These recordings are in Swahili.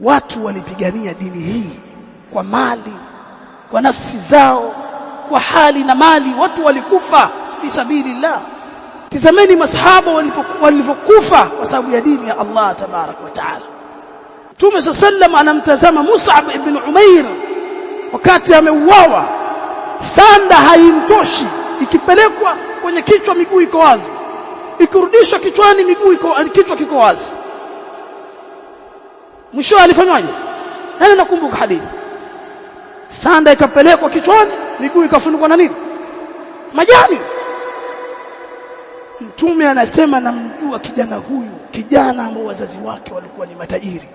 Watu walipigania dini hii kwa mali, kwa nafsi zao, kwa hali na mali. Watu walikufa fi sabilillah. Tizameni masahaba walivyokufa kwa sababu ya dini ya Allah tabaraka wa taala. Mtume saa sallam anamtazama Mus'ab ibn Umair wakati ameuawa, sanda haimtoshi, ikipelekwa kwenye kichwa miguu iko wazi, ikirudishwa kichwani miguu iko, kichwa kiko wazi mwisho alifanywaje? Nani nakumbuka hadithi, sanda ikapelekwa kichwani, miguu ikafunikwa na nini, majani. Mtume anasema namjua kijana huyu, kijana ambao wazazi wake walikuwa ni matajiri.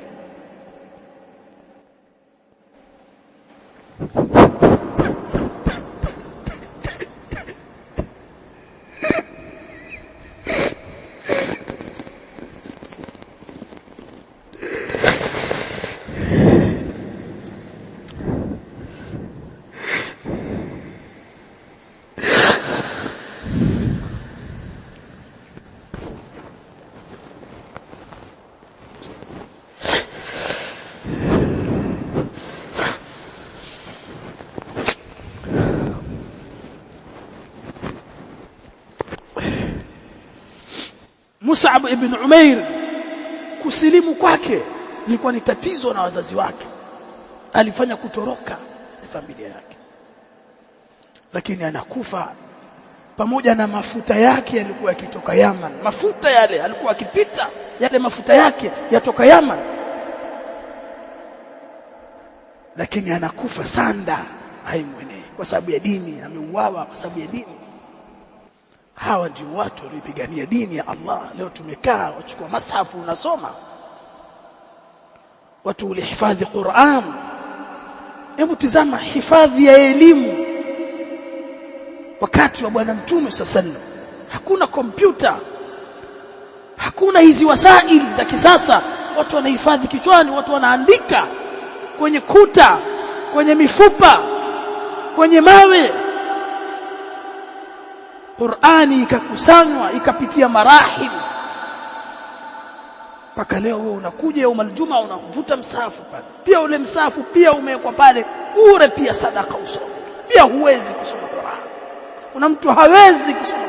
Mus'ab ibn Umair kusilimu kwake ilikuwa ni tatizo na wazazi wake, alifanya kutoroka na familia yake, lakini anakufa pamoja na mafuta yake yalikuwa yakitoka Yaman. Mafuta yale alikuwa akipita yale mafuta yake yatoka Yaman, lakini anakufa sanda haimwenei kwa sababu ya dini, ameuawa kwa sababu ya dini hawa ndio watu waliopigania dini ya Allah leo tumekaa wachukua masafu unasoma watu ulihifadhi Qur'an hebu tizama hifadhi ya elimu wakati wa bwana mtume sallallahu hakuna kompyuta hakuna hizi wasaili za kisasa watu wanahifadhi kichwani watu wanaandika kwenye kuta kwenye mifupa kwenye mawe Qur'ani ikakusanywa ikapitia marahim mpaka leo wewe unakuja yaumul jumaa unavuta msafu pale pia ule msafu pia umewekwa pale bure pia sadaka usome pia huwezi kusoma Qur'an kuna mtu hawezi kusoma